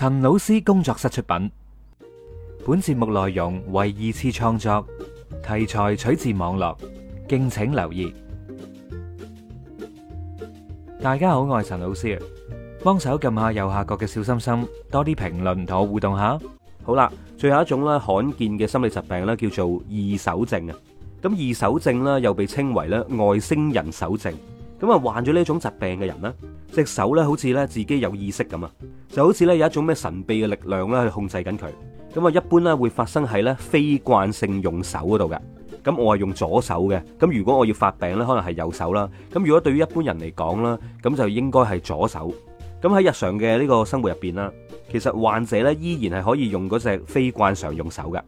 陳老師工作室出品，本節目內容為二次創作，題材取自網絡，敬請留意。大家好，我係陳老師啊，幫手撳下右下角嘅小心心，多啲評論同我互動下。好啦，最後一種咧，罕見嘅心理疾病咧，叫做異手症啊。咁異手症咧，又被稱為咧外星人手症。咁啊，患咗呢種疾病嘅人呢，隻手呢好似呢自己有意識咁啊，就好似呢有一種咩神秘嘅力量呢去控制緊佢。咁啊，一般呢會發生喺呢非慣性用手嗰度嘅。咁我係用左手嘅，咁如果我要發病呢，可能係右手啦。咁如果對於一般人嚟講啦，咁就應該係左手。咁喺日常嘅呢個生活入邊啦，其實患者呢依然係可以用嗰隻非慣常用手嘅，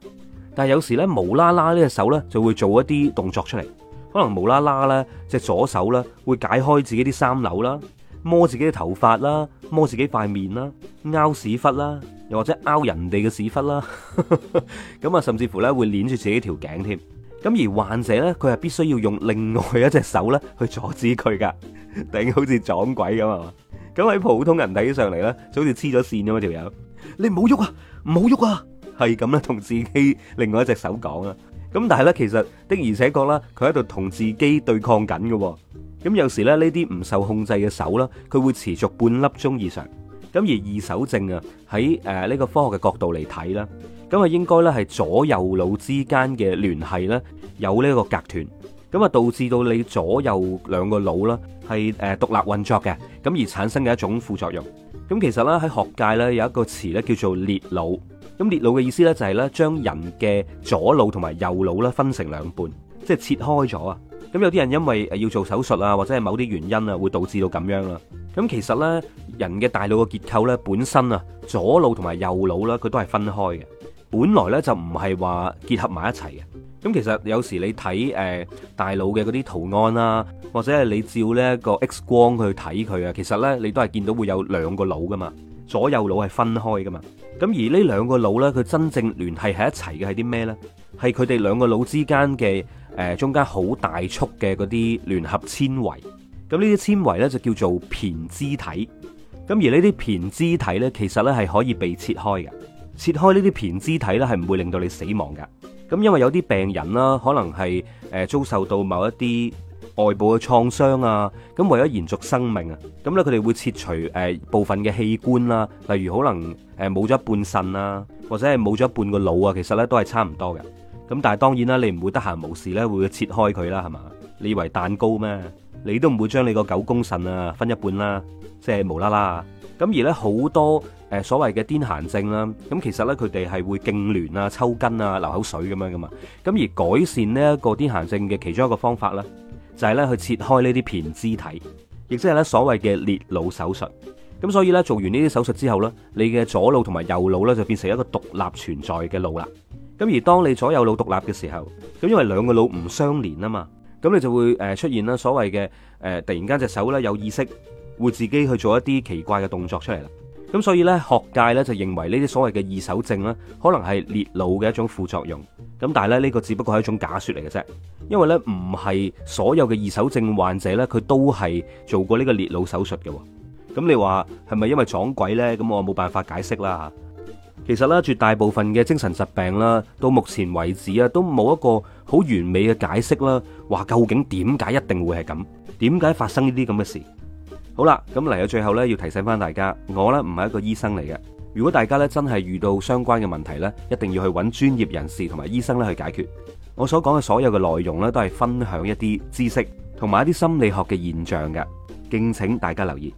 但係有時呢無啦啦呢隻手呢，就會做一啲動作出嚟。可能無啦啦咧，隻左手咧會解開自己啲衫紐啦，摸自己啲頭髮啦，摸自己塊面啦，撓屎忽啦，又或者撓人哋嘅屎忽啦，咁啊，甚至乎咧會捻住自己條頸添。咁而患者咧，佢係必須要用另外一隻手咧去阻止佢噶，頂好似撞鬼咁啊！咁喺普通人睇起上嚟咧，就好似黐咗線咁啊條友，你唔好喐啊，唔好喐啊！係咁啦，同自己另外一隻手講啦。咁但係咧，其實的而且確啦，佢喺度同自己對抗緊嘅。咁有時咧，呢啲唔受控制嘅手啦，佢會持續半粒鐘以上。咁而異手症啊，喺誒呢個科學嘅角度嚟睇啦，咁啊應該咧係左右腦之間嘅聯繫咧有呢個隔斷，咁啊導致到你左右兩個腦啦係誒獨立運作嘅，咁而產生嘅一種副作用。咁其實咧喺學界咧有一個詞咧叫做裂腦。咁裂腦嘅意思咧就係咧將人嘅左腦同埋右腦咧分成兩半，即係切開咗啊！咁有啲人因為誒要做手術啊，或者係某啲原因啊，會導致到咁樣啦。咁其實咧人嘅大腦嘅結構咧本身啊左腦同埋右腦啦，佢都係分開嘅，本來咧就唔係話結合埋一齊嘅。咁其實有時你睇誒、呃、大腦嘅嗰啲圖案啦，或者係你照呢一個 X 光去睇佢啊，其實咧你都係見到會有兩個腦噶嘛。左右腦係分開㗎嘛，咁而呢兩個腦呢，佢真正聯繫喺一齊嘅係啲咩呢？係佢哋兩個腦之間嘅誒中間好大束嘅嗰啲聯合纖維，咁呢啲纖維呢，就叫做胼胝體，咁、嗯、而呢啲胼胝體呢，其實呢係可以被切開嘅，切開呢啲胼胝體呢，係唔會令到你死亡㗎，咁、嗯、因為有啲病人啦，可能係誒、呃、遭受到某一啲。外部嘅創傷啊，咁為咗延續生命啊，咁咧佢哋會切除誒、呃、部分嘅器官啦、啊，例如可能誒冇咗一半腎啊，或者係冇咗一半個腦啊，其實咧都係差唔多嘅。咁但係當然啦，你唔會得閒無事咧，會切開佢啦，係嘛？你以為蛋糕咩？你都唔會將你個九公腎啊分一半啦、啊，即係無啦啦。咁而咧好多誒、呃、所謂嘅癲癇症啦、啊，咁其實咧佢哋係會痙攣啊、抽筋啊、流口水咁、啊、樣噶嘛。咁而改善呢一個癲癇症嘅其中一個方法咧。就係咧去切開呢啲胼胝體，亦即係咧所謂嘅裂腦手術。咁所以咧做完呢啲手術之後咧，你嘅左腦同埋右腦咧就變成一個獨立存在嘅腦啦。咁而當你左右腦獨立嘅時候，咁因為兩個腦唔相連啊嘛，咁你就會誒出現啦所謂嘅誒、呃、突然間隻手咧有意識會自己去做一啲奇怪嘅動作出嚟啦。咁所以咧學界咧就認為呢啲所謂嘅異手症咧，可能係裂腦嘅一種副作用。咁但係咧，呢個只不過係一種假說嚟嘅啫，因為呢唔係所有嘅二手症患者呢佢都係做過呢個裂腦手術嘅。咁你話係咪因為撞鬼呢？咁我冇辦法解釋啦。其實咧，絕大部分嘅精神疾病啦，到目前為止啊，都冇一個好完美嘅解釋啦，話究竟點解一定會係咁，點解發生呢啲咁嘅事？好啦，咁嚟到最後呢，要提醒翻大家，我呢唔係一個醫生嚟嘅。如果大家咧真係遇到相關嘅問題咧，一定要去揾專業人士同埋醫生咧去解決。我所講嘅所有嘅內容咧，都係分享一啲知識同埋一啲心理學嘅現象嘅，敬請大家留意。